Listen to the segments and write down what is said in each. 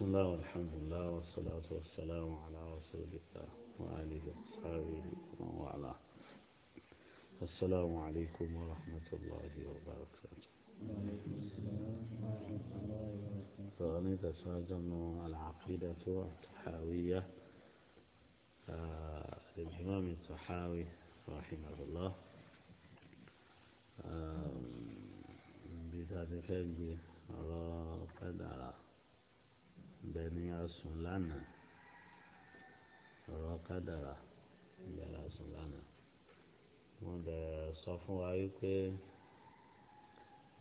بسم الله والحمد لله والصلاة والسلام على رسول الله وآله وصحبه ومن والاه السلام عليكم ورحمة الله وبركاته فأنا تساجم العقيدة الطحاوية آه للإمام الطحاوي رحمه الله آه بذلك الله رافد bẹ́ẹ̀ni asùn lana ọrọ kadara bẹ́ẹ̀ asùn lana wọ́n bẹ̀rẹ̀ sọ fún wa wípé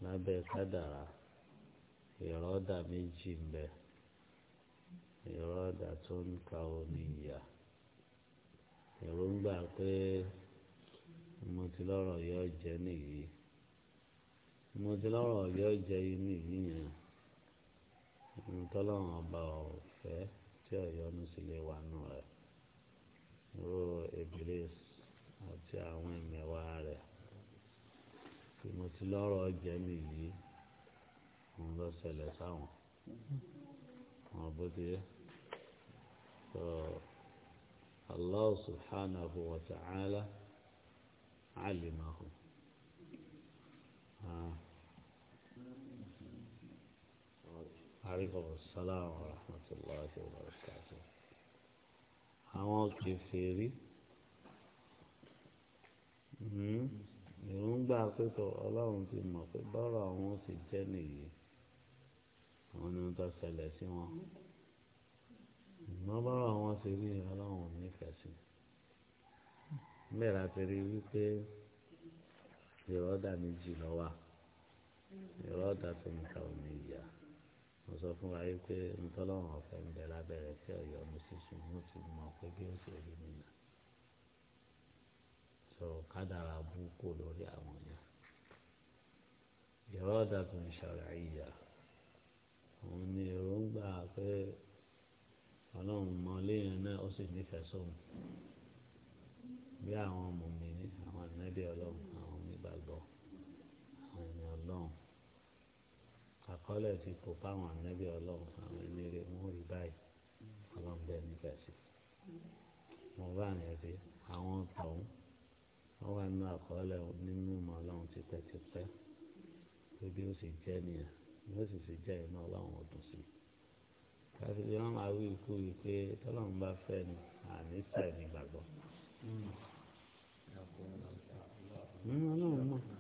lábẹ́ kádàrà ìrọ́dà méjì ń bẹ ìrọ́dà tó ń ka oníyà èròǹgbà pé mo ti lọ́rọ̀ yọ jẹ́ nìyí mo ti lọ́rọ̀ yọ jẹ́ nìyí yẹn. ohun tọ́lọ́run ọba ò fẹ́ tí ọ̀yọ́nu sì lè wà nù rẹ̀ ro ebilis àti àwọn ìmẹ̀wà rẹ̀ ìmọ̀tílọ́rọ̀ jẹ́mi yìí òun lọ ṣẹlẹ̀ sáwọn wọn bó ti yẹ tó Allah subhanahu wa ta'ala alimahu. Ah. عليكم السلام ورحمة الله وبركاته àwọn kẹfẹ́rí hmm, èròǹgbà pẹ̀tọ̀ ọlọ́run ti mọ̀ pé bọ́rọ̀ àwọn sì jẹ́ nìyí àwọn ni wọ́n tó ṣẹlẹ̀ sí wọn ìmọ̀ bọ́rọ̀ àwọn sì rí ọlọ́run nífẹ̀ẹ́ sí mẹ́ra ti rí wípé ìrọ́dà méjì lọ́wọ́ ìrọ́dà tó ń ta òní ìyá mo sọ fún wa wípé ntọ́lọ́run ọ̀fẹ́ ń bẹ lábẹ́rẹ́ tí ọ̀yọ́ mi sì sùn mo ti mọ̀ pé bí ó ṣe rí mi nà sọ kádàrà bú kò lórí àwọn yẹn ìrọ́dà tó ń ṣàrà ìyà òun ni èròǹgbà pé ọlọ́run mọ léèyàn náà ó sì nífẹ̀ẹ́ sóhun bí àwọn mùmí ní àwọn ànábì ọlọ́run. àkọọ́lẹ̀ ti kò fáwọn ànábì ọlọ́run àwọn ẹni rẹ̀ rí báyìí ọlọ́run bẹ́ẹ̀ nífẹ̀ẹ́ sí mo bá yẹn sí àwọn tọ̀hún wọ́n wà nínú àkọọ́lẹ̀ nínú ìmọ̀ ọlọ́run tipẹ́tipẹ́ pé bí ó sì jẹ́ nìyẹn bí ó sì sì jẹ́ inú ọlọ́run ọdún sí i káfí bí wọ́n máa wí ikú yìí pé tọ́lọ́run bá fẹ́ ni àníṣà ìgbàgbọ́ hmm. Hmm, ọlọ́run náà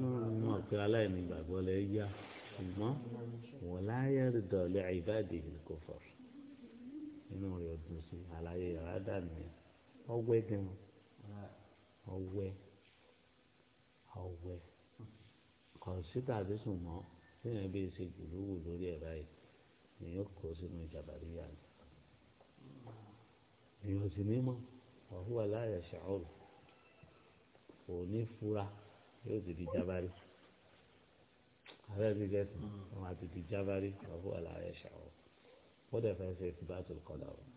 náà pé aláìní gbàgbọ́ lẹ yá ṣùgbọ́n wọ́n láyé dọ̀lẹ́ ìbáàdì kò fọ̀ inú rẹ̀ dùn sí àlàyé yàrá dànù yẹn ọwẹ́ gan ọwẹ́ ọwẹ́ kọ̀ǹsítà bí sùn mọ́ téèyàn bí ṣe gbùlúwù lórí ẹ̀ báyìí ni yóò kó sínú ìjàmbáríyà ni èèyàn sì ní mọ́ ọ̀húwà láyé ṣàọ́rù kò fura yóò ti di jábárí ààrẹ ti gẹ̀ẹ́sì wọn àti di jábárí ọ̀hún àlàyé ṣàwọ̀ wọ́n dẹ̀ fẹ́ ṣe ìfìbá tó kọ́dà wọn.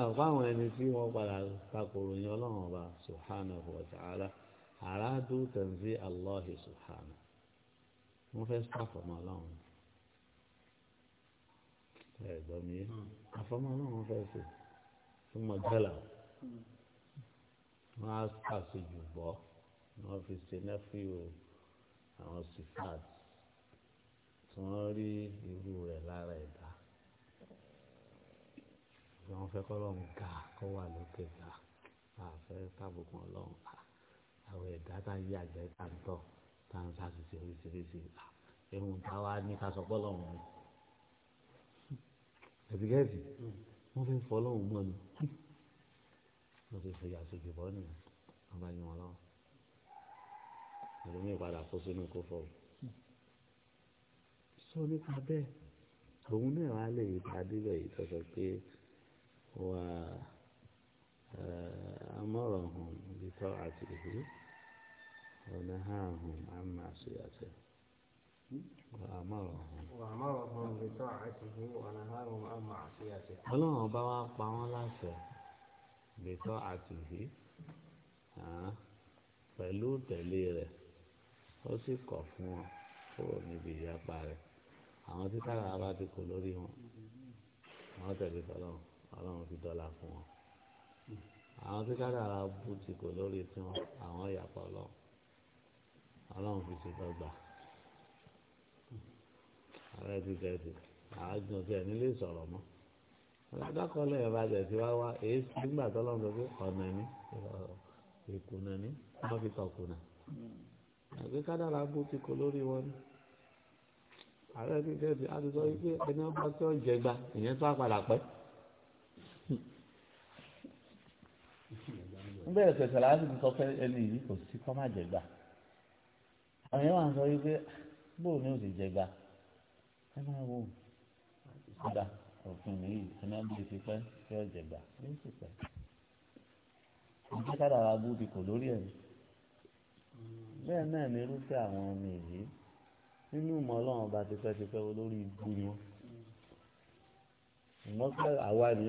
àwọn àwọn ẹni tí wọ́n padà takòrò yẹn ọlọ́run ọba subhanahu wa ta'ala àràádú tẹ̀sí allah subhanahu wọ́n fẹ́ sàfọ̀mọ́ ọlọ́run ẹ̀gbọ́n mi hmm. àfọ̀mọ́ ọlọ́run fẹ́ ṣe fún mọ̀jálà. Hmm wọ́n á ṣàṣejù gbọ́ ni wọ́n fi ṣe nẹ́fíò àwọn sifat tí wọ́n rí irú rẹ̀ lára ẹ̀dá wọ́n fẹ́ kọ́ lọ́run ga kọ́ wà lókè ga àfẹ́ tábùkù ọlọ́run àwọn ẹ̀dá tá yí àgbẹ̀ tá ń tọ̀ tá ń ṣàṣìṣe oríṣiríṣi ẹ̀hún táwa ní ká sọ pọ́ lọ́run ni ẹ̀dígẹ́sì hmm. wọ́n fẹ́ fọ́ lọ́run mọ́ ni wọ́n ti fi àṣejù bọ́ nìyẹn wọ́n bá yín wọn lọ́wọ́ ẹlòmíì padà kó sínú kó fọ́ o. sọ nípa bẹ́ẹ̀ òun náà wá lè yípa díbẹ̀ yìí tó sọ pé wà amọ̀ràn hàn bìtọ́ àti ìlú ọ̀nà hàn hàn àmà àṣeyàtẹ̀. Ọlọ́run ọba wa pa wọ́n láṣẹ bìtọ́ àtìhí pẹ̀lú tẹ̀lé rẹ̀ ó sì kọ̀ fún wọn kúrò níbi ìyapa rẹ̀ àwọn tí tára bá ti kò lórí wọn àwọn tẹ̀lé tọ́lọ́run ọlọ́run fi dọ́là fún wọn àwọn tí kádàrá bú ti kò lórí tiwọn àwọn ìyàpọ̀ ọlọ́run ọlọ́run fi ṣe dọ́gba ààrẹ ti tẹ̀sí àágùn tí ẹ̀ nílé sọ̀rọ̀ mọ́. ọ ẹ̀ bá jẹ̀ sí wá wá èyí nígbà tó lọ́nà pé ọ̀nà ní ìkùnà ní wọ́n fi tọ̀kùnà. àgbẹ̀ kádàrà bó ti kọ lórí wọn ni. ààrẹ ti kẹ́sì wípé ẹni ọba tí ó ìyẹn tó àpàdà pẹ́. sọ pé ẹni yìí kò sí kọ́ má àwọn yẹn wà òfin nìyí iná bí ti pẹ́ tí ọ̀jẹ̀ gbà yóò sì pẹ́. ìjẹ́kádà wa bú ti kò lórí ẹ̀ bẹ́ẹ̀ náà ni irúfẹ́ àwọn ọmọ èyí nínú ìmọ̀ ọlọ́run bá ti pẹ́ ti pẹ́ olórí ibú ni wọ́n. ìmọ̀ pé àwa ni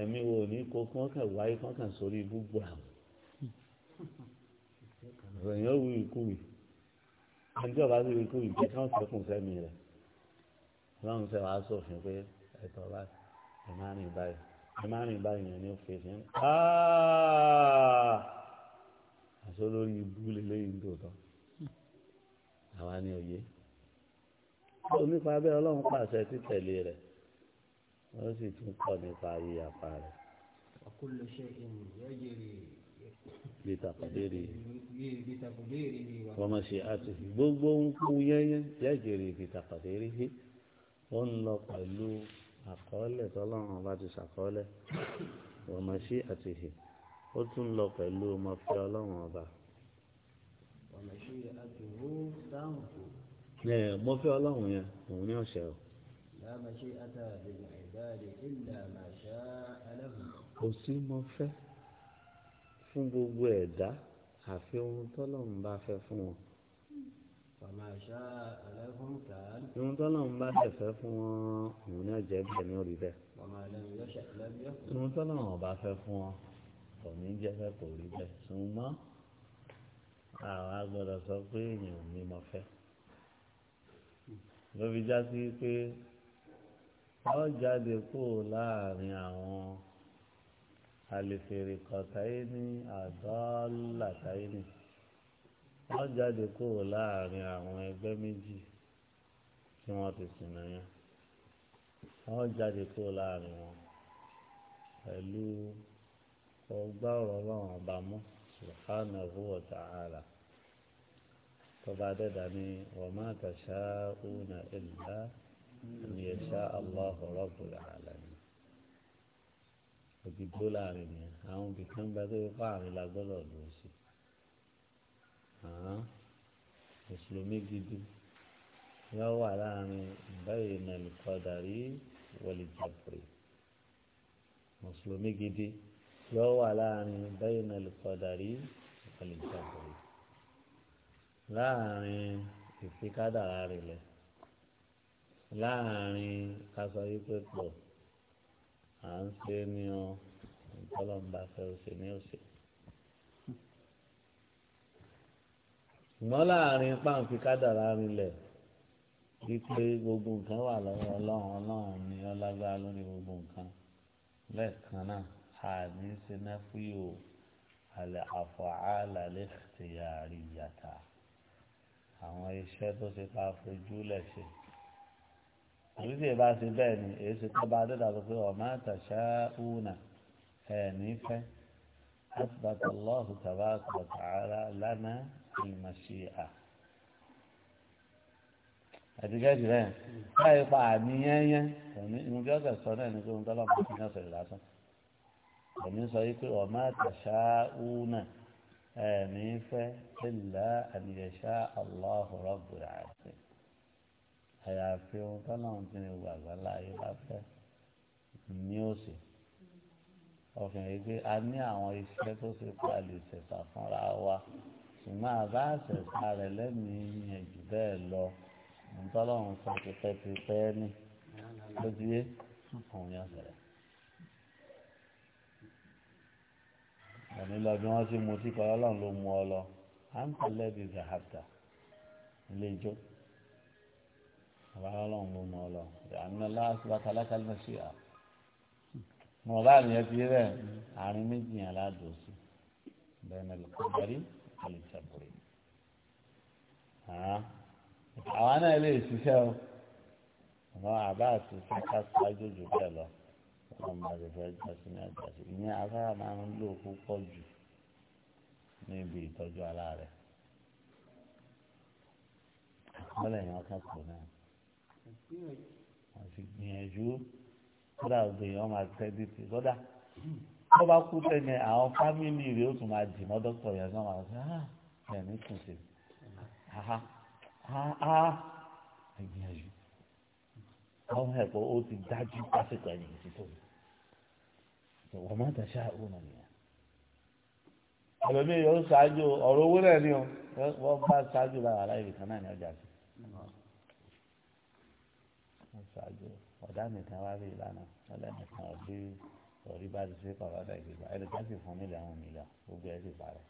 ẹ̀mí wo ní kó kán kàn wáyé kán kàn sórí ibú gbọ́ àwọn. ìròyìn ó wù ikú yìí ẹni tí ọba sì rí ikú yìí kí wọ́n sẹ́kùn sẹ́mi rẹ̀ lọ́run sẹ́wàá sọ̀fin pé ẹ̀tọ́ báyìí ẹ̀ má rìn báyìí ẹ̀ má rìn báyìí yẹn ní òfin ṣe ń àṣọ lórí ibú lélẹ́yìn tòótọ́ àwa ni òye ó nípa abẹ́ ọlọ́run pàṣẹ títẹ̀lé rẹ̀ wọ́n sì tún kọ́ nípa ìyapa rẹ̀. ọkùnrin ṣe ènìyàn yẹrẹ bitakadiri wọ́n ṣe àti gbogbo ń kú yẹ́yẹ́ yẹ́jẹ̀rẹ̀ bitakadiri ó ń lọ pẹ̀lú àkọọ́lẹ̀ tọ́lọ́run ọba ti ṣàkọọ́lẹ̀ wọ̀mọ̀ sí àtìhì ó tún lọ pẹ̀lú ọmọ fẹ́ ọlọ́run ọba. wọ̀mọ̀ sí àtìhì ó dáhùn kù. ẹ mọ fẹ́ ọlọ́run yẹn òun ní ọ̀sẹ̀ o. láàmà ṣe àtàlẹ̀ ìbáàdì ìlà màṣá aláhùn. kò sí mọ fẹ́ fún gbogbo ẹ̀dá àfi ohun tọ́lọ́run bá fẹ́ fún wọn ìwọ̀n tó lọ́n bá ṣẹ̀fẹ́ fún wọn òun náà jẹ́ bẹ́ẹ̀ ní orí bẹ́ẹ̀ ìwọ̀n tó lọ́n bá fẹ́ fún wọn kò ní jẹ́ fẹ́ kò rí bẹ́ẹ̀ ṣùgbọ́n àwọn agbọ́dọ̀ sọ pé èèyàn ò ní mọ fẹ́ ló fi já sí pé ọ jáde kó láàrin àwọn àlefèrè kọ̀ọ̀táyé ní àdọ́làtáyé nìyí wọ́n jáde kúrò láàrin àwọn ẹgbẹ́ méjì tí wọ́n ti sìnà yẹn wọ́n jáde kúrò láàrin wọn pẹ̀lú ọgbà ọ̀rọ̀ ọlọ́run ọba mú subhanahu wa ta'ala tọba dẹ́dà ni wọ́n máa tàṣà ọ̀nà ìlà ni ẹ̀ṣá Allahu rabbul alamin òdìgbò láàrin yẹn àwọn ibìkan gbàgbé pààrin la gbọ́dọ̀ lò sí i mùsùlùmí gidi yóò wà láàrin báyìí nàìjíríkọ̀dàrí wọlé jàpùrì mùsùlùmí gidi yóò wà láàrin báyìí nàìjíríkọ̀dàrí wọlé jàpùrì láàrin ìfikádàrá rẹ̀ lẹ̀ láàrin kásọ yìí pé pọ̀ à ń ṣe é ní ọ ìtọ́lọ́mbà fẹ́ òsè ṣùgbọ́n láàrin páǹpì kádàrá rinlẹ̀ wípé gbogbo nǹkan wà lọ́wọ́ ọlọ́run ọlọ́run ni ọlágbára lórí gbogbo nǹkan lẹ́ẹ̀kan náà àní sinafíò àlẹ́ àfọ̀hálà lè tìyàrí yàtà àwọn iṣẹ́ tó ṣe ká fojú lẹ̀ ṣe àbí tí ìbá ṣe bẹ́ẹ̀ ni èyí ṣe tó bá dẹ́dà pé ọ̀má tàṣà ùnà ẹ̀ nífẹ̀ẹ́ àtìbàtà lọ́ọ̀hùn tàbá àtàlá lánàá ìmọ̀síà àtìgẹ́jì rẹ̀ báyìí pa àmì yẹ́nyẹ́ òní inú bí ọ̀sẹ̀ sọ náà ní pé òun tọ́lọ̀ bọ́ ní ọ̀sẹ̀ lásán òní sọ yìí pé ọ̀má àtàṣà únà ẹ̀mí fẹ́ ìlà àdìyẹ̀ṣà aláhùrọ̀ bùrẹ̀ àti àyàfi ohun tọ́lọ̀ ń tún ìwà àgbàlá ayé bá fẹ́ ní òsì ọ̀fìn yìí pé a ní àwọn iṣẹ́ tó ṣe pàlì ṣẹ̀ṣà fúnra wa ṣùgbọ́n àbá àṣẹ̀ṣà rẹ̀ lẹ́mìí yẹn jù bẹ́ẹ̀ lọ ntọ́lọ́run sọ pípẹ́ pípẹ́ ní lójú yé òun yẹn sọ̀rọ̀. ẹ̀mí lọ bí wọ́n ti mu tí kọ́ ọlọ́run ló mu ọ lọ à ń tẹ̀lé bí zahabta ilé ijó àbá ọlọ́run ló mu ọ lọ àmì aláṣẹ bàtàlákà ló ṣe à mọ̀ bá àmì ẹ ti rí àárín méjì yẹn aládùn sí bẹ́ẹ̀ ni kò darí alìsàbùrì àwa náà lè ṣiṣẹ́ o àwọn àbá àti ṣíṣá ṣáájú jù bẹ́ẹ̀ lọ wọn máa lè fẹ́ jásí ní àjàsí ìyẹn afárá máa ń lò púpọ̀ jù níbi ìtọ́jú aláàrẹ̀ àkọọ́lẹ̀ yẹn ọkàn kò náà wọ́n ti gbìyànjú kódà gbìyànjú wọn máa tẹ́ bí ti kódà tó bá kú tẹ́lẹ̀ àwọn fámìlì rẹ̀ ó tún máa dì mọ́ dókítà yẹn náà wọ́n ṣe ah, ẹ̀ kùn sí i gbìyànjú àwọn ẹ̀kọ́ ó ti dájú pásítọ ẹ̀yìn ti tó wọ́n má dàṣà òun nìyẹn ẹlòmíì yóò ṣáájú ọ̀rọ̀ owó náà ni wọ́n bá ṣáájú lára aláìrí kan náà ní ọjà sí ọ̀dà nìkan wá rí ìlànà ọlẹ́nìkan ọ̀dí torí bá ti ṣe kọ̀ọ̀rọ̀ ọ̀dà ìgbéga ẹni ká sì fún mílíọ̀nù àwọn mílíọ̀nù gbogbo ẹ̀ sì parẹ́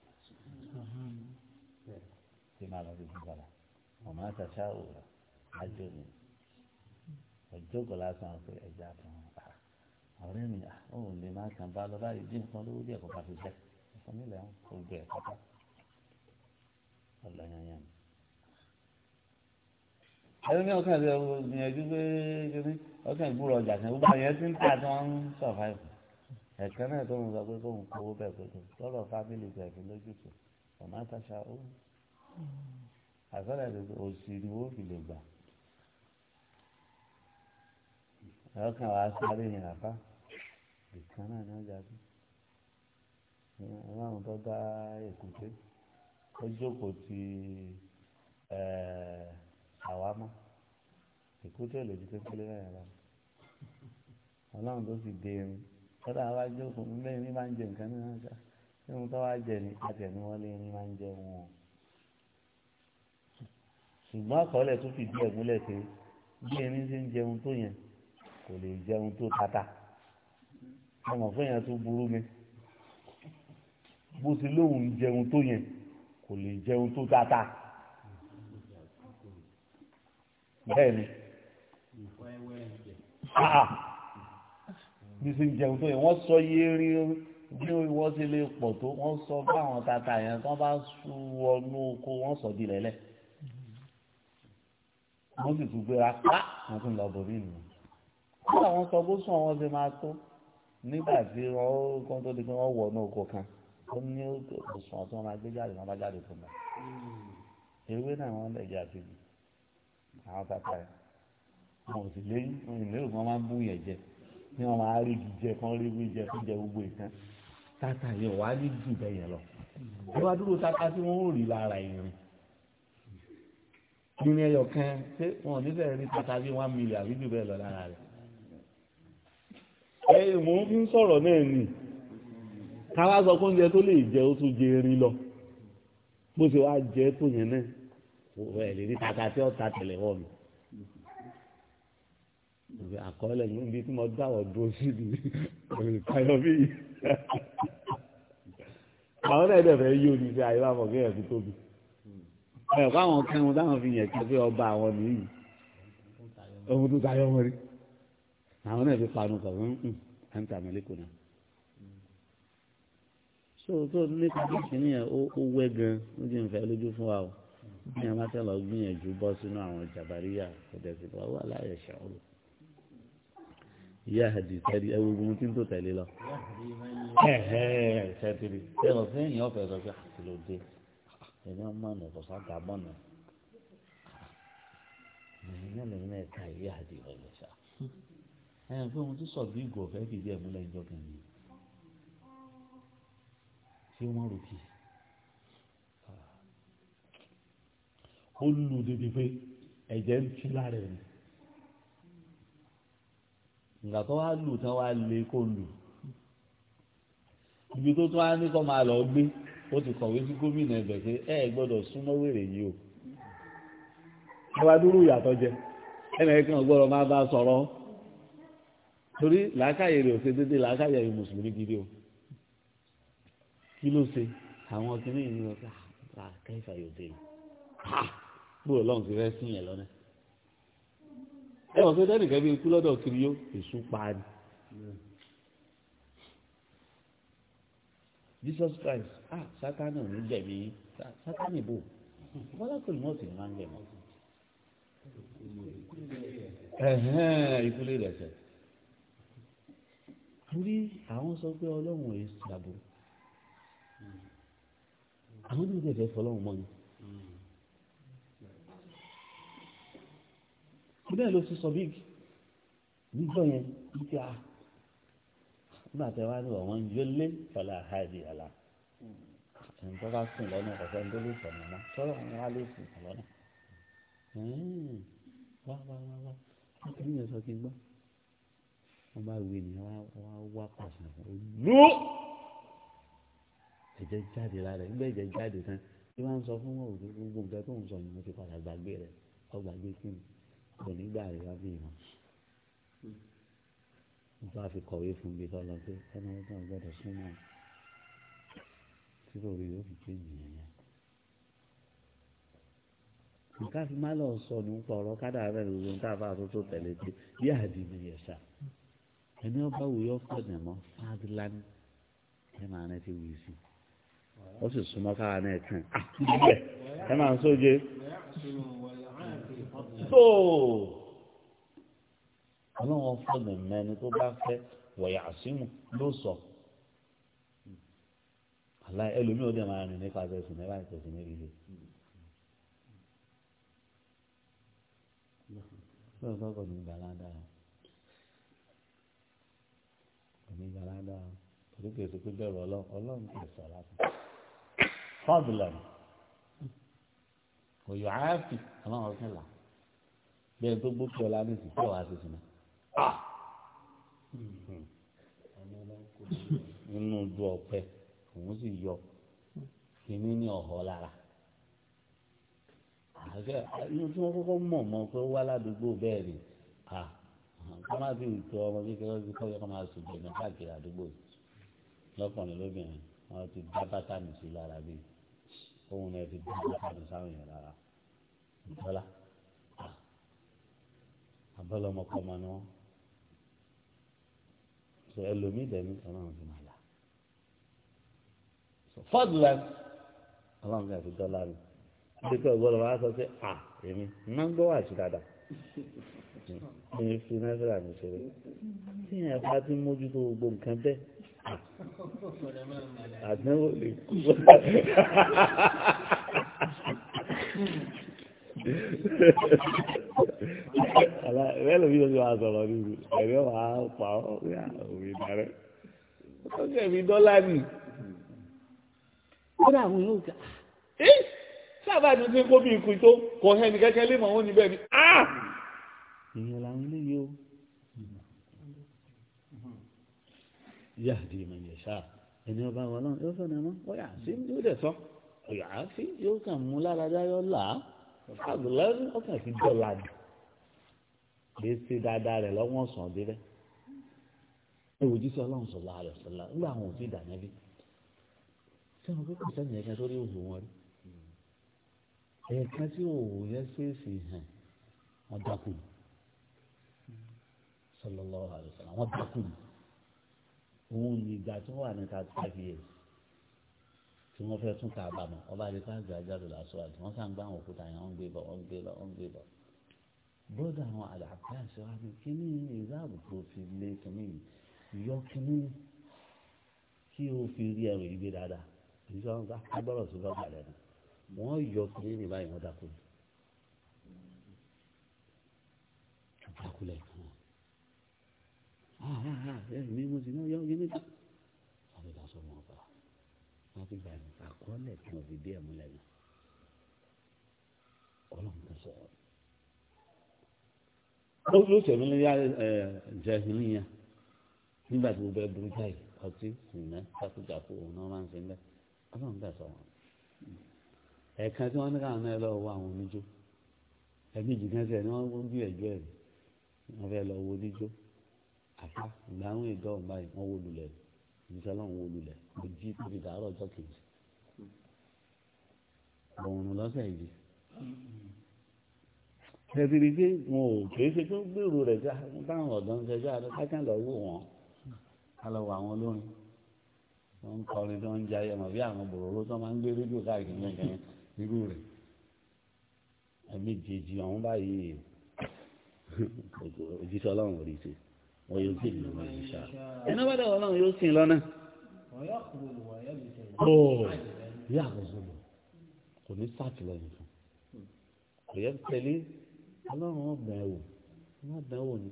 tí máa lọ sí gbígbàlà ọ̀mọ́ àtàṣà òwúrọ̀ ájò mi ọ̀jọ́gọ̀ lásán pé ẹja fún ọ̀rẹ́ mi òun lè má kàn bá lọ báyìí dín nǹkan lówó díẹ̀ kó bá fi jẹ́ fún mílíọ̀nù gbogbo ẹ̀ pátá ọ̀làyànyàn ẹni ní ọkàn ìgbìyànjú pé ọkàn ìgbúrọ̀ ọjà kan gbogbo àwọn yẹn ti ń tà tí wọ́n ń sọ̀fáìfù ẹ̀kan náà tó ń sọ pé kóun kówó bẹ̀ pé kò tọrọ fámìlì gbẹ̀fín lójútùú ọ̀nà àtàṣà ó àsọ̀rọ̀ ẹ̀ òsì ni wọ́n fi lè gbà ẹ̀rọ kan wàá sáré yẹn àbá ìkan náà ní ọjà tó ọlọ́run tó dá èkúté ó jókòó ti àwámọ́ èkúté lòdì pépélé rẹ̀ rà ọlọ́run tó sì dé irin tọ́lá wa jókòó lẹ́yìn ní máa ń jẹ nǹkan ní wọn ṣá tí wọn tọ́ wá jẹ ní àtẹ̀ ní wọn lẹ́yìn ní máa ń jẹ wọn o. ṣùgbọ́n àkọọ́lẹ̀ tó fìdí ẹ̀ múlẹ̀ pé bí ẹni ṣe ń jẹun tó yẹn kò lè jẹun tó tata ọmọ fún yẹn tó burú mi bó ti lóun jẹun tó yẹn kò lè jẹun tó tata bẹ́ẹ̀ ni bí ń jẹun tó yẹ wọ́n sọ yé rí bí wọ́n ṣe lè pọ̀ tó wọ́n sọ báwọn tata yẹn tí wọ́n bá sú ọnú oko wọ́n sọ di lẹ́lẹ̀ wọ́n sì tún gbéra pa wọ́n tún lọ bọ̀ nínú kódà wọ́n sọ bó sùn àwọn ṣe máa tó nígbà tí wọ́n kọ́ tó di pé wọ́n wọ̀ oko kan ó ní òsùn ọ̀tún wọn máa gbé jáde wọn bá jáde fún mi ewé náà wọ́n lẹ̀ jẹ́ àtẹ̀jù àwọn tata yẹn wọn ò sì léyìn wọn ò lérò kí wọ́n máa ń bú yẹn jẹ́ kí wọ́n máa rí jíjẹ kán rí wíjẹ kí jẹ gbogbo ìtàn tata yẹn wàá ní jù bẹ́ẹ̀ yẹn lọ ìwà dúró tata tí wọ́n ń rí lára ìrìn nínú ẹyọ kan ṣé wọn ò ní fẹ́ rí tata bí one million àbí jù bẹ́ẹ̀ lọ lára rẹ̀ ẹ mò ń fi ń sọ̀rọ̀ náà nì káwá sọ pé oúnjẹ tó lè jẹ ó tún jẹ erin lọ bó ṣe wá jẹ tó yẹn náà ẹ lè rí tata tí ó ta tẹ̀lé wọ́n àkọọ́lẹ̀ yìí níbi tí mo dáwọ̀ dúró síbi olùkayọ̀ bí yìí àwọn náà dẹ̀ fẹ́ yí oníṣẹ́ ayé wa fọ̀gẹ́ ẹ̀ fi tóbi ẹ̀ káwọn kẹ́hún táwọn fi yẹn kí pé ọba àwọn nìyí ohun tó tayọ wọn rí àwọn náà fi panu kọ̀ fún un hmm, àǹtà náà so tó nípa bí kìíní yẹn ó wẹ́ gan ó jẹ́ nfẹ́ lójú fún wa o bí wọn bá tẹ̀ lọ gbìyànjú bọ́ sínú àwọn jàbáríyà kò dẹ̀ sí wà láyé ṣàwọ́rọ̀ ìyá àdì sẹ́rí ẹwọ ogun tí ń tó tẹ̀lé lọ. sẹ́tìrì ẹ̀rọ fún èèyàn ọ̀fẹ́ sọ pé àti ah, ló dé ẹ̀mí ọmọ ọ̀nà ìfọ̀sá ga mọ́nà ẹ̀yìn náà lẹ́yìn náà ká ìyá àdì rẹ̀ ṣá. ẹ̀yìn fún ohun tí sọ bí ìgò ọ̀fẹ́ fìdí ẹ̀ múlẹ̀ ìjọ kan yìí tí wọ́n rò kì ìgbà tó wá lù tán wá lé kó lù ibi tó tún á ní kó máa lọ gbé ó ti kọ̀wé sí gómìnà ẹ̀bẹ̀ pé ẹ gbọ́dọ̀ súnmọ́ wèrè yìí o ẹwà dúró ìyàtọ̀ jẹ ẹnìyẹn kan gbọ́dọ̀ máa bá sọ̀rọ̀ torí làákàyè rẹ̀ ò ṣe déédéé làákàyè rẹ̀ mùsùlùmí gidi o kí ló ṣe àwọn kìnìún ní ọjà àkẹ́fà yóò dé yìí ah, bó lọ́n ti fẹ́ sí yẹn lọ́nà ẹ wọ́n pé tẹ́nìkan bí ikú lọ́dọ̀ kiri yó èṣù pa Jesus Christ ah sátánì ò ní jẹ̀bi sátánì bò wọ́n lápò ní mọ́tì ní máa ń jẹ̀ mọ́tì. ìkúlé rẹ̀ sẹ̀ torí àwọn sọ pé ọlọ́run ò yẹ sàbò àwọn tó ń tẹ̀sẹ̀ fọlọ́run mọ́ ni. bẹ́ẹ̀ ló ti sọ bí gbígbọ́ yẹn wípé a nígbà tí wàá ní ọ̀wọ́n yọlé fọlá àhàdì àlà ẹni tó bá sùn lọ́nà ọ̀sẹ̀ tó lè sọ̀nà mọ́ sọ́rọ̀ wọn wá lè sùn lọ́nà wá wá wá wá ọkùnrin yẹn sọ kí n gbọ́ wọn bá wí ni wá wá wá pàṣẹ olú ẹ̀jẹ̀ jáde lára ẹgbẹ́ ẹ̀jẹ̀ jáde tán tí wọ́n á sọ fún wọn òkú gbogbo nǹkan tó ń sọ yìí mo ti padà gbàgbé rẹ̀ ọgbàgbé kí ni. kò ní gbà rí wá bí wọn fi kọ̀wé fún bí tọ́lọ pé ẹnu ọdún ọgbọ́dọ̀ súnmọ́ tí kò yóò fi ké jìyàn yẹn. nǹkan fi má lọ sọ nípa ọ̀rọ̀ kádà rẹ̀ lóṣù tá a bá tó tó tẹ̀lé pé bí àdìmí yẹ ẹni ọkọ nẹmọ fadlan ẹ máa ní ti tó ọlọ́run fọ̀nà mẹ́ni tó bá fẹ́ wọ̀yà àṣìmù ló sọ àlá ẹlòmíì ó dẹ̀ máa rìn nípa ẹsẹ̀ nípa ẹsẹ̀ sí níbi ilé. lọ́wọ́ bá kò ní gbàládà kò ní gbàládà torí kèsì pé bẹ́ẹ̀ bẹ́ẹ̀ tó gbókè ọ̀la ní ìsìnkú ọ̀hà ti sùn. nínú ojú ọ̀pẹ òun sì yọ kínní ní ọ̀họ́ lára. inú tí wọ́n kọ́kọ́ mọ̀ mọ́ pé ó wá ládùúgbò bẹ́ẹ̀ ni ká má sì tó ọmọ kékeré ọdún kọ́ yọkọ́ máa sùn jẹ̀nà káàkiri àdúgbò lọ́kùnrin lóbìnrin wọn ti dá bàtà nì sí lára bíi òun náà ti dá bàtà nì sáwọn yẹn lára. Voilà abọ́lọ́mọkọ́mọ ni wọ́n sọ ẹlòmíì dẹ̀mí ọlọ́run fi máa là sọ fọ́dùlá ọlọ́run fi àfi dọ́là mi dípò ìgbọ́dọ̀ wá sọ pé à èmi máa ń gbọ́ wà sí dáadáa èmi fi náírà mi ṣeré tí yẹn bá ti mójútó gbogbo nǹkan bẹ́ẹ̀ àdánwò lè kú. bẹ́ẹ̀ lómi lọ́sọ̀ máa sọ̀rọ̀ nínú ẹ̀rí ọ̀ máa pa ọ́ yà òwe darẹ́ ó jẹ́ mi dọ́là nì ó dà wọ́n yóò gbà ẹ́ sábà ní sí kóbi ìkú tó kọ ẹni kẹ́kẹ́ lé màá wọ́n níbẹ̀ ni ìyẹn làwọn eléyìí o yáàdì ìmọ̀nyẹ̀ sáà ẹni ọba wọn náà yóò fẹ́ ni ọmọ ọ̀yà sí yóò dẹ̀ sọ ọ̀yà sí yóò kàn mú lára dá yọ là abdullahi ọkàn sí dọ́là ni lè ṣe dáadáa rẹ̀ lọ́wọ́n sàn délẹ̀ ẹ wò jísọ ọlọ́run sọ̀lá rẹ̀ sọ̀lá ńgbà àwọn òbí dànẹ́bí sẹ́wọ̀n pé kò sẹ́yìn ẹ̀ka tó rí òògùn wọn rí ẹ̀ka tí òògùn yẹn ṣèèṣì hàn wọ́n dákú ni sọlọ́lọ́ àlùfáà wọ́n dákú ni òun ní ìgbà tó wà ní ká five years tí wọ́n fẹ́ tún kàbà mọ́ ọba àti káàdì ajáde làásù àti wọ́n sàn gbá àwọn òkúta yẹn wọ́n gbé bọ̀ wọ́n gbé bọ̀ wọ́n gbé bọ̀. bóódà àwọn àdàpẹ́ àṣẹ wa ni kíní tó fi lé kíní yọ kíní kí o fi rí ẹrù yìí gbé dáadáa èyí sọ wọn agbọ́rọ̀ sí bá balẹ̀ nù wọ́n yọ kíní ní báyìí wọ́n dákú dákúlẹ̀ kan ah, ah, ah, ẹ̀mí mo sì náà yọ kíní kan àbẹ̀dà sọ wọn bá wọn ti gbà ní àkọọ́lẹ̀ tí wọ́n fi bí ẹ̀ múlẹ̀ nù ọlọ́run tó sọ̀rọ̀. ó ló tẹ̀mí lóyá jahiliya nígbà tí gbogbo ẹbùrú jáì ọtí ìná jákujàku òun náà máa ń ṣe ń bẹ́ ọlọ́run tó sọ̀rọ̀. ẹ̀ẹ̀kan tí wọ́n ní káwọn náà lọ́wọ́ àwọn oníjó ẹbí jìkan tẹ̀ ni wọ́n gbìyànjú ẹ̀ wọ́n fẹ́ lọ wo oníjó àpá ìgbà àwọn ìgbà ọ̀gbà yìí wọ́n wó lulẹ̀ ìṣẹ́lọ́run wó lulẹ̀ ojú tó ọjọ́ kejì ọ̀run lọ́sẹ̀ yìí ẹ̀sìn ni pé wọn ò kì tó gbèrò rẹ̀ já táwọn ọ̀dọ́ ń ṣẹjá rẹ̀ kákàn wò wọ́n ká lọ wọ àwọn olórin wọn ń kọrin tó ń jayé ọmọ bí àwọn bòròró tó máa ń gbé rédíò káàkiri nǹkan irú rẹ̀ ẹ̀mí jèjì ọ̀hún báyìí òjíṣẹ́ ọlọ́run ò rí ṣe wọ́n yóò sìn lọ́nà ìṣá ẹ̀nà bá dẹ̀ ọlọ́run yóò sìn lọ́nà. ó yà kó sọ̀rọ̀ kò ní sàtìlẹ́yìn fún ọ̀yẹ́ tẹ̀lé ọlọ́run ọgbà ẹ̀wò ọgbà ẹ̀wò ni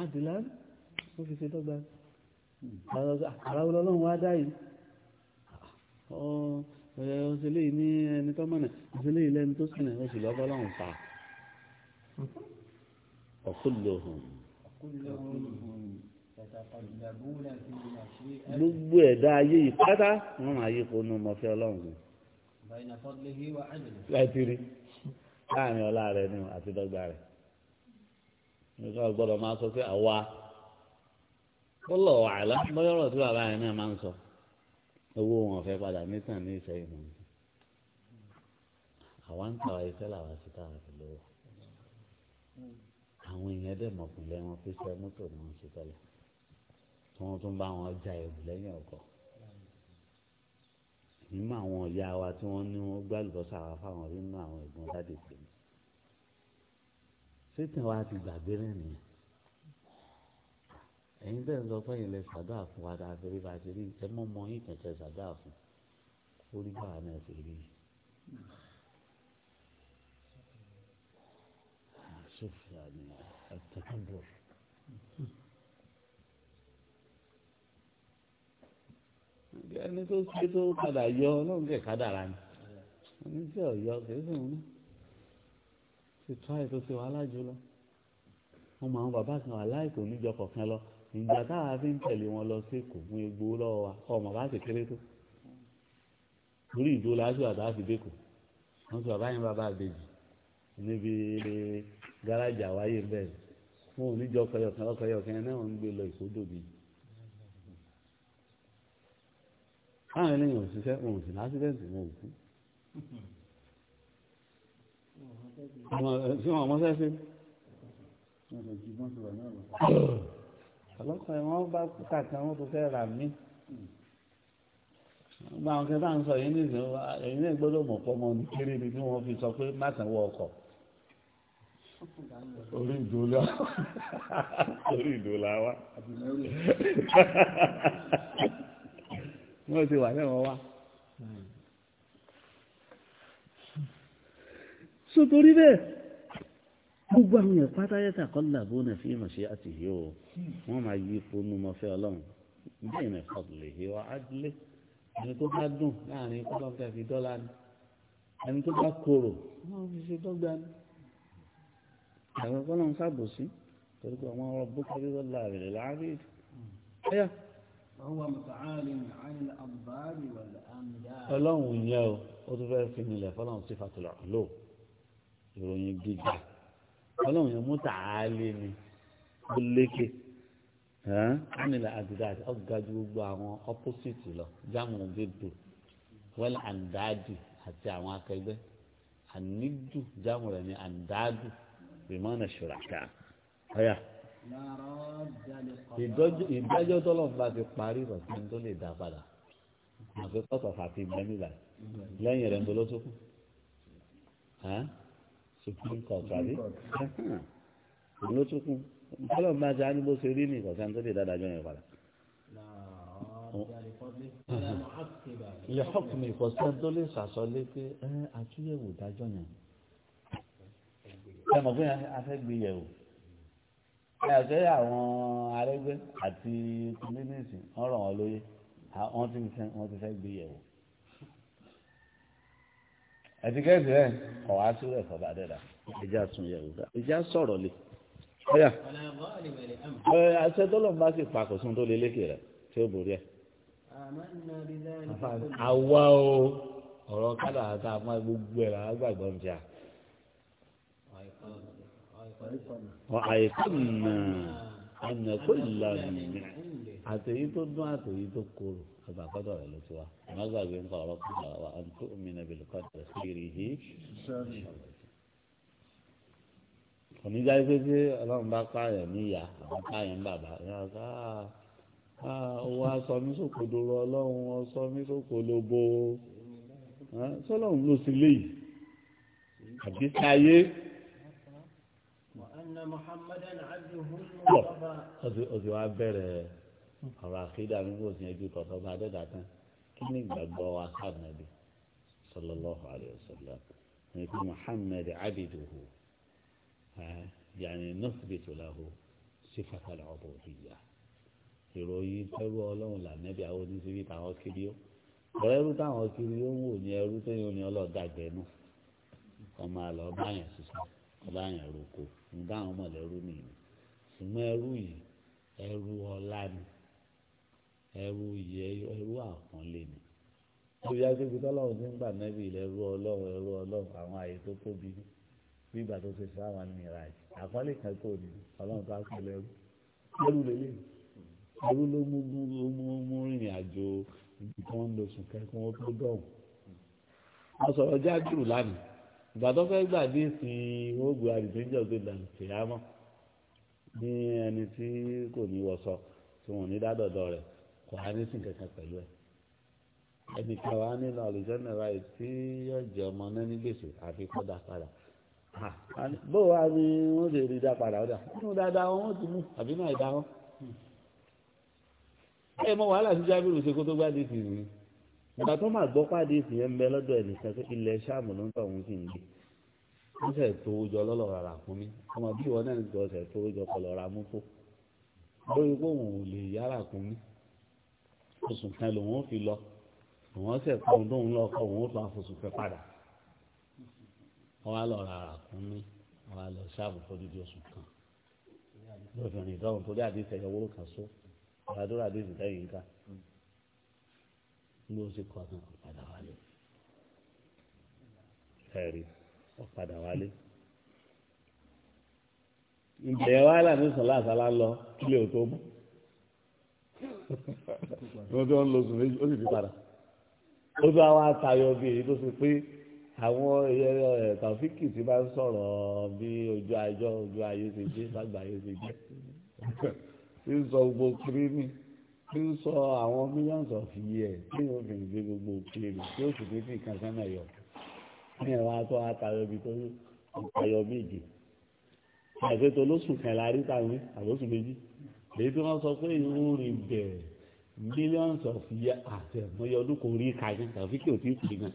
àdìlá ó fi ṣe dọ́gba ara ọlọ́run wá dá yìí ọ̀sẹ̀lẹ̀ ní ẹni tó mọ̀nà ọ̀sẹ̀lẹ̀ ilẹ́ni tó sìnà oṣù lọ́bọ́ lọ́hùn fà ọ̀kúlòhùn gbogbo ẹ̀dá ayé yìí pátá wọ́n máa yípo nú mọ́fẹ́ ọlọ́run láìpẹ́rẹ́ láàrin ọlá rẹ ni àti dọ́gba rẹ nígbà gbọ́dọ̀ máa sọ pé àwa ó lọ wàhálà bọ́yọ̀ ọ̀rọ̀ tí bàbá yẹn náà máa ń sọ owó wọn fẹ́ padà nítàn ní ìṣẹ́yìn mọ́ àwa ń tàwa iṣẹ́ làwa sí táwa sí lówó àwọn èèyàn dẹ̀ mọ̀kùnlé wọn fi ṣe mọ́tò ni wọ́n ṣe tẹ́lẹ̀ tí wọ́n tún bá wọn ja ẹ̀bù lẹ́yìn ọkọ̀ nínú àwọn ọ̀yà wa tí wọ́n ní wọ́n gbá àlùbọ́sà wa fáwọn rí nínú àwọn ẹ̀gbọ́n dáàdì tèmi sétan wa ti gbàgbé rẹ̀ nìyẹn ẹ̀yin tẹ̀ ń sọ fún ìlẹ̀ sàdúrà fún wa tàbí rí bá ti rí ẹ mọ́ mọ́ yín kẹ̀kẹ́ sàdúrà fún ó rí báwa náà ti rí sófin àná ẹ̀tẹ̀kùn bọ̀. ẹni tó ṣe tó padà yọ ọlọ́run kẹ̀ kádàrá ni ẹni tí ò yọ kìí sì ń ti tọ́ àìtó ṣe wàhálà jùlọ wọn mọ àwọn bàbá kan aláì kò níjọ kọ̀ọ̀kan lọ ìgbà táwa fi ń tẹ̀lé wọn lọ sí èkó mú egbò lọ́wọ́ wa ọmọ bá ti kéré tó lórí ìdó lásìkò àtàfi dẹ́kù wọn sọ bàbá yẹn bàbá àbèjì níbi gáràjì àwáyé bẹ́ẹ̀ wọn ò níjọ kọyọ̀kan náà ń gbé lọ ìkódò bíi. káwọn eléyìí ò ṣiṣẹ́ sì lásìdẹ́ǹtì wọn ò sí. wọn ọmọ sẹ́sẹ́. ọlọ́pàá yẹn wọ́n bá kàkà wọn tó fẹ́ rà mí. gba àwọn kẹta ń sọ yìí nìyẹn èyí náà gbọ́dọ̀ mọ̀ pọ́ mọ́ ní kéré ni wọ́n fi sọ pé má sanwó ọkọ̀. orí ìdòlá orí ìdòlá wa. wọ́n ti wà lẹ́wọ̀n wa. so torí bẹ́ẹ̀ gbogbo àwọn èèyàn pátáyẹ́tà kọ́ làbó náà fi hàn ṣe àtìyé o wọ́n máa yí ipò nu mọ́fẹ́ ọlọ́run bẹ́ẹ̀ ní fọ́ọ̀lù yìí wá ádùlé ẹni tó bá dùn láàrin kọ́ńtà fi dọ́là ni ẹni tó bá korò wọ́n fi ṣe dọ́gba ni àwọn ọlọ́run sábòsí torí pé àwọn ọ̀rọ̀ bókẹ́ bí wọ́n láàrin ẹ̀yà ọlọ́run yẹn o ó tún fẹ́ẹ́ fi nílẹ̀ fọlọ́run sí fatulọ̀ lò ìròyìn gíga ọlọ́run yẹn mú tààlé ni ó lékè ánilẹ̀ àdìdáàdì ọ̀gá ju gbogbo àwọn opposite lọ jáàmù dídò wẹ́lẹ̀ àndáàdì àti àwọn akẹgbẹ́ àníjù jáàmù rẹ̀ ní àndáàdì rìmọ́nà ṣùràkà ìdájọ́ tọ́lọ́fù bá ti parí rọ̀ sí ní tó lè dá padà àfi pọ̀tọ̀ fàtí ìgbẹ́mí báyìí lẹ́yìn rẹ̀ ń bọ́ lọ́sọ́kù supreme court àbí lọ́sọ́kù tọ́lọ́fù bá ti á ní bó ṣe rí ní ìkọ̀sẹ́ ní tó lè dáadáa jọ yẹn padà. ìyàfọ́kùnrin ìkọ̀sẹ́ tó lè ṣàṣọlé pé àtúnyẹ̀wò dájọ́ yẹn. ẹ mọ̀ pé a fẹ́ gbé yẹ̀wò ẹ̀fẹ́ àwọn arẹ́gbẹ́ àti kọ́mínísì wọ́n rọ̀ wọ́n lóye wọ́n ti fẹ́ wọ́n ti fẹ́ gbé yẹ̀wò. ẹ̀tíkẹ́tì rẹ̀ kọ̀ wá sí ẹ̀fọ́ bá dẹ́ra ìjà sun yẹ̀wò ká ìjà sọ̀rọ̀ lé. ọ̀yà ẹ̀ àṣẹ tó lọ́n bá sì pa kò sún tó lé lékè rẹ̀ tí ó borí ẹ̀. àwa o ọ̀rọ̀ kádà àti àwọn gbogbo ẹ̀ làwọn gbàgbọ́ ń jà. وأيقنا أن كل àtẹ̀yí tó dún àtẹ̀yí tó korò ọba àkọ́dọ̀ rẹ̀ ló ti wá ọmọgbàgbé ń pa ọ̀rọ̀ kúkà wa à ń tó òmìnira bẹ̀rẹ̀ kọ́ tẹ̀ sí rí i. oníjà ife ọtí wa bẹ̀rẹ̀ ọ̀rọ̀ àkídà nígbà òsì ẹbí kọ̀tọ́ bá dẹ́dà tán kí ni ìgbàgbọ́ wa sáàbìnàbí sallallahu alayhi wa sallam ní kí muhammed abiduhu yàní nọ́sibítù lahu sífàtà lọ́wọ́ òbíyà ìròyìn pẹ̀lú ọlọ́run lànàbí àwọn oníṣẹ́bí táwọn kiri ó ọ̀rọ̀ ẹrú táwọn kiri ó ń wò ní ẹrú tẹ́yìn oní ọlọ́dàgbẹ́nu ọmọ àlọ́ báyàn ṣiṣẹ́ ọbáyàn roko ń dá àwọn mọ̀lẹ́rú nìyí ṣùgbọ́n ẹrú yìí ẹrú ọlá ni ẹrú yẹ ẹrú àpọ́nlé ni níbi agbègbè tọ́lọ́run ti ń gbà nẹ́bí ilẹ̀ ẹrú ọlọ́run ẹrú ọlọ́run àwọn àyè tó tóbi bí ìgbà tó ṣe sáwọn ní ìrajì àpọ́nlé kan tó ní ọlọ́run tó á pè lẹ́rú lẹ́rú lélẹ̀ ẹrú ló mú ló mú mú rìnrìn àjò ibi tí wọ́n ń lọ sùn kẹ́kọ̀ọ́ tó dọ̀hùn. wọ́n sọ̀rọ̀ jágìrù lánàá ìgbà tó fẹ́ gbà dé ìsìn wọn gbé àdìsẹ́ńjọ́ gbé dànù kìámọ́ ní ẹni tí kò ní wọ̀sọ tí wọn ní dádọ̀dọ̀ rẹ̀ kò á ní sìn kankan pẹ̀lú ẹ̀ ẹnìkan wa nínú àlùjọ́nà báyìí tí yóò jẹ ọmọ náà ní gbèsè àfi kọ́ da padà bó wa ni wọ́n lè rí da padà ọ̀dà nínú dáadáa wọn ti mú àbí náà hmm. ẹ mọ wàhálà sí jábìrì ṣe kó tó gbá dé tì ìgbà tó máa gbọ́ pàdé ìsìn yẹn ń bẹ lọ́dọ̀ ẹnìkan pé ilẹ̀ sáàmù ló ń tọ̀ òun sì ń gbé wọ́n sẹ̀ tó jọ lọ́lọ́rọ̀ rà fún mi ọmọ bí ìwọ náà ń gbọ́ sẹ̀ tó jọ kọ̀ lọ́ra mú fò lórí pé òun ò lè yára kún mi oṣù kan lòun fi lọ òun sẹ̀ kọ́ ohun tóun lọ kọ́ òun ó tún fẹ́ padà wọ́n á fún mi wọ́n á tó dídí oṣù kan lóbìnrin gbé oṣù kan náà padà wálé ẹ̀rí ọ̀padà wálé ìbẹ̀yẹ wàhálà ní sọ̀lá àsálà lọ kílé ò tó mú wọ́n tó ń lo oṣù méjì ó sì ti padà ó tó àwọn àtayọ bí èyí tó ṣe pé àwọn tàfíkì tí bá ń sọ̀rọ̀ bí ojú ajọ́ ojú ayé ṣe jẹ́ lágbàáyé ṣe jẹ́ ń sọ gbogbo kiri ní tí ń sọ àwọn millions of years tí yóò fi gbogbo òkèèrè tí ó sì fi kan sánà yọ ní ẹ̀wọ̀n atọ́ atayọ ibi tó ọ̀tayọ méje àìsè tó lóṣù kẹlá rí tàwí àlóṣù méjì èyí tí wọ́n sọ pé ìwọ́n rìn bẹ̀rẹ̀ millions of years àti ẹ̀mọ́yọ ọdún kò rí ka tàbí kí o ti pè gan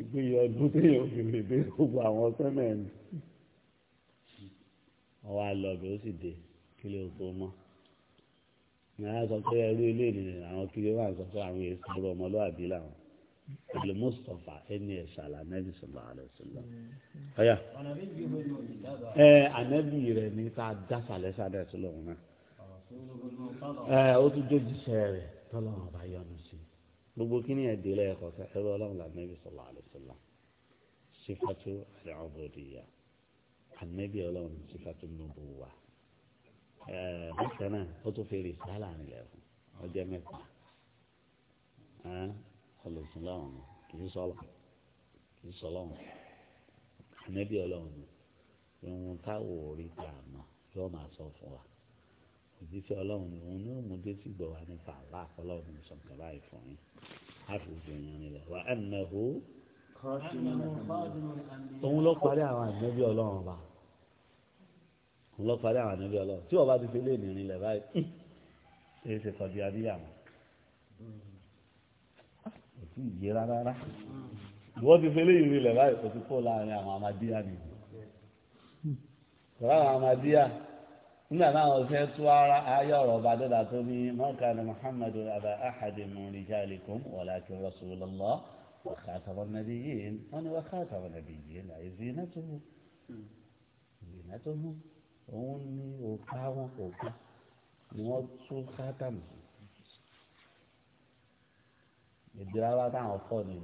ìgbéyọ ọdún tí yóò fi lè dé gbogbo àwọn sẹ́mẹ̀ẹ́nì ọwọ́ àlọ́bẹ̀ ó sì dé kí lè o tó mọ́ ní àwọn sọ pé ẹrú ilé ìdìní àwọn kiri wà sọ pé àwọn èsì ọ̀rọ̀ ọmọlúwàbí làwọn ìlú mustapha ẹni ẹsà lànàbì sọlá àlẹsọlá ọyà ẹ ànàbì rẹ ní ká dásà lẹsà dẹ tó lọ wọn náà ẹ ó tún dójúṣe rẹ tọ́lọ́ wọn bá yọnu sí gbogbo kí ni ẹ̀dẹ́ lẹ́yẹ̀kọ́ sẹ ẹrú ọlọ́run lànàbì sọlá àlẹsọlá sífàtú àlẹ́ bákan náà ó tún fèrè sálà nílẹ̀ fún ọjọ́ mẹ́fà ọlọ́sùn láwọn ni kì í sọ́lọ́ kì í sọ́lọ́ wọn ànábì ọlọ́run ni ìwọ̀n táwọ̀ orí ta àmọ́ yóò máa sọ fún wa òjíṣẹ́ ọlọ́run ni òun náà mú dé sí gbọ̀ wá nípa àlá ọlọ́run ní báyìí fún yín láti fi yàn nílẹ̀ wà á nà hó òun ló parí àwọn ànábì ọlọ́run báyìí lọ́parí àwọn ànábì ọlọ́run tí wọ́n bá ti fi lé ìrìn ilẹ̀ báyìí ṣe é ṣe kọjú abíyàmọ́ kò sí ìyé rárá rárá ìwọ́n ti fi lé ìrìn ilẹ̀ báyìí kò sí kó láàrin àwọn amadíyà ni kọ́ra àwọn amadíyà nígbà náà wọ́n fẹ́ tú ara ayé ọ̀rọ̀ ọba dọ́là tó ní mọ́ọ̀ká muhammadu aba ahadi mọ̀rin jalikum walakin rasulullah wa khataman nabiyyin wọ́n ni wa khataman nabiyyin àyè zinatuhu zinatuhu òun ní òkà wọn òkà ni wọ́n tún sátánù sí ìdíláwá táwọn fọ́ ni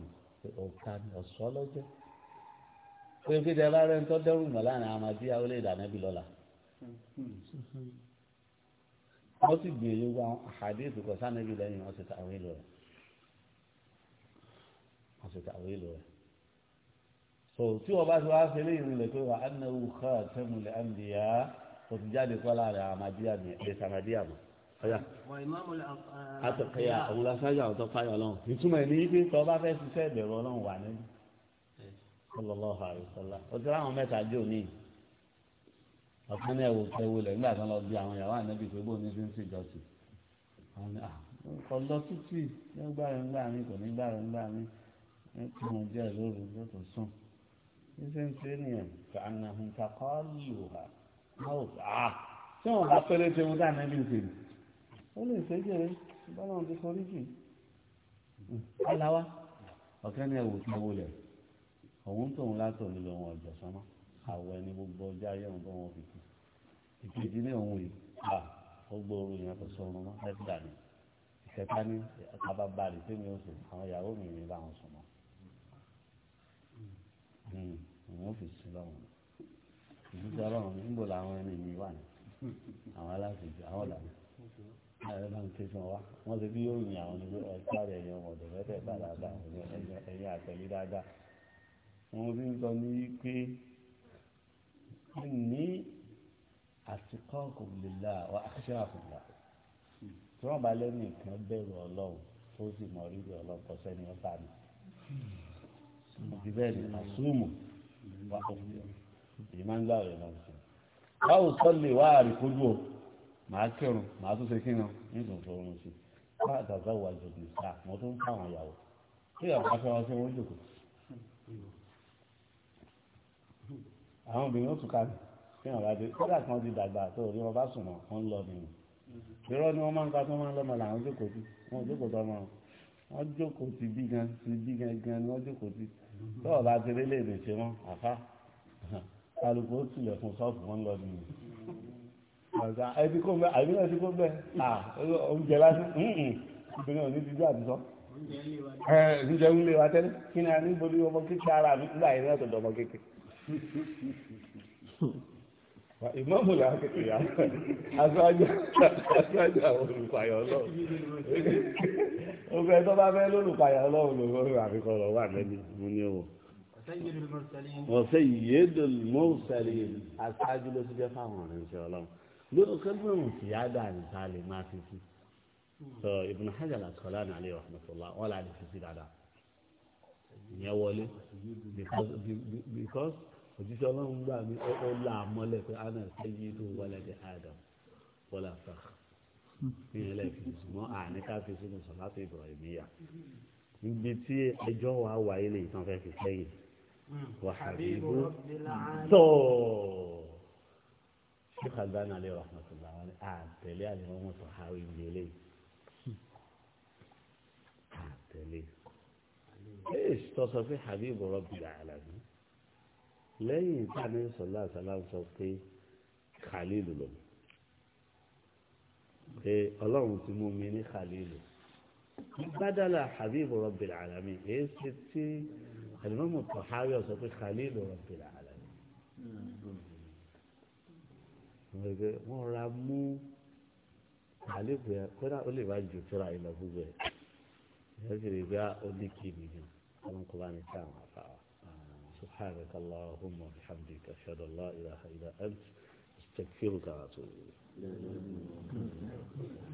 òkà ni ọ̀sọ́ lọ́jọ́ pé kí dẹ́ bá rẹ̀ ń tọ́ dẹ́rù mọ́ láàrin àwọn àti àwọn olè ìdánẹ́bí lọ́la wọ́n sì gbìyànjú wa àdéhùn kọ̀sánẹ́bí lẹ́yìn wọ́n tàwé lọ rẹ̀ tàwé lọ so tí wọ́n bá ti wá fi léyìn rìn lè pé wà ánáwó ká tẹ́mùlẹ̀ àǹdíyà kò ti jáde kọ́ láàrin àmàdíyà ní ẹ̀sán àmàdíyà mọ́ ọ̀yà. àtọ̀kẹ́yà òun lásán yà ọ̀tọ̀ fáyọ̀ ọlọ́run ìtumọ̀ ẹ̀ ní yí pé tọ́ bá fẹ́ ṣiṣẹ́ ìbẹ̀rù ọlọ́run wà nínú. sallallahu alaihi wasallam ó ti ráwọn mẹ́ta jò ní ọ̀kan náà ẹ̀wò kẹwò lẹ̀ nígbà tán lọ bí àwọn yàrá ànábì pé ní fi ń mi kò ní gbà rẹ̀ ńgbà mi kí wọ́n jẹ́ lóru yóò sùn níṣẹ́ ń ṣe nìyẹn kàánà ń kakọ́ lù wá mouth ah tí wọ́n bá pẹ́lẹ́ tí wọ́n dáná bí nìṣẹ́ ó lè ṣe jẹ́rẹ́ bọ́lá ti sọ oríjì aláwa ọ̀kẹ́ ni ẹ̀wù tí wọ́n lẹ̀ òun tóun látọ̀ nílò wọn ọ̀jọ̀ sọ́mọ́ àwọ̀ ẹni gbogbo ọjà ayé wọn tó wọn fi kú ìkejì ní òun yìí à ó yẹn kò sọ̀rọ̀ mọ́ ẹ̀dá ni ìkẹta ní àbábá rẹ̀ tẹ́mi ó sùn àwọn ìyàwó mi ní bá wọn sùn àwọn ọ́fíìsì lọ́wọ́ ìdíje ọlọ́run níbo làwọn ẹni mi wà ní àwọn aláṣejù àwọn ọ̀làwọ̀ ààrẹ náà ń ké fún wa wọ́n ti bí yóò yin àwọn ní ẹgbẹ́ rẹ̀ yẹn wọ̀ ọ̀dọ̀ mẹ́tẹ̀ bá dáadáa ẹ̀yìn àtẹ̀lé dáadáa wọ́n ti ń sọ ní pé ní àsìkò kòmìlélà wà àṣẹ àkùnlá tí wọ́n bá lẹ́nu ìkan bẹ̀rù ọlọ́run ó sì mọ̀ rí ọlọ́pọ̀ sẹ́ni ọ̀tá mi. òbí bẹ́ẹ̀ ni àsúmù wà ọ̀fẹ́ èyí máa ń gbà rẹ̀ lọ́wọ́ sí o màá kírun màá tún ṣe kírun ní ìtòǹtò oorun àwọn obìnrin ó tún ká kí wọn bá dé kódà kan di dàgbà tó wọn bá ka máa ń làwọn jókòó tí jókòó wọn jókòó bí gan ni wọ́n jókòó tó ọba akéré lè dè ṣe mọ́ àfa kálukú ó tilẹ̀ fún sọ́ọ̀fù wọn lọ nìyí. ẹbí kò ń bẹ àbí náà ti kò ń bẹ oúnjẹ lásán ìbílẹ̀ òní ti dúró àtisọ́. oúnjẹ ń lé wa tẹ́lẹ̀ kí ni a ní bolí ọmọ kékeré ara mi nígbà yẹn ní ọ̀tọ̀ ìmọ̀mù láti pè á aṣáájú aṣáájú àwọn olùpàyà ọlọ́run obìnrin tó bá fẹ́ lólùpàyà ọlọ́run ló lórí àfikọ́ lọ wà lẹ́nu mo ní o. ọ̀sẹ̀ ìyédò mọ́sálì aṣáájú ló ti jẹ́ fáwọn ọ̀rẹ́nsẹ̀ ọlọ́run lórí kẹ́gbẹ́rún tí á dà ní lè máa fi sí. sọ Ibn Hajar al-Asqalani alayhi rahmatullah wọn là lè fi sí dáadáa ìyẹn wọlé because òjíṣẹ́ ọlọ́run gbà mí ó là á mọ́lẹ̀ pé ana sẹ́yìn tó wọlé dé adam wọlé àfà ní ẹlẹ́ẹ̀kejì ṣùgbọ́n àní ká fi sínú sọ̀láṣẹ́ ìbọ̀rẹ̀ ìmíyà níbi tí ẹjọ́ wa wáyé lè tán fẹ́ fi sẹ́yìn wàhábíbó tó ṣùkà dáná lè rahmatullah wọn àtẹ̀lé àlẹ́wọ̀n wọn sọ àwọn ìgbélé àtẹ̀lé. ايش تصفي حبيب رب العالمين lẹ́yìn ìtàní sọ̀lá àsálà sọ pé khalilu lọ pé ọlọ́run ti mú mi ní khalilu gbádàlà habib rabbil alamin èyí ṣe tí alimami tọ̀hárí ọ̀sọ̀ pé khalilu rabbil alamin wọ́n ra mú khalilu yẹn kódà ó lè bá ju tíra ìlọ gbogbo ẹ̀ ẹ̀ sì rí ó ní kí nìyẹn ọlọ́run bá ní ká àwọn afárá. سبحانك اللهم وبحمدك أشهد أن لا إله إلا أنت استغفرك وأتوب إليك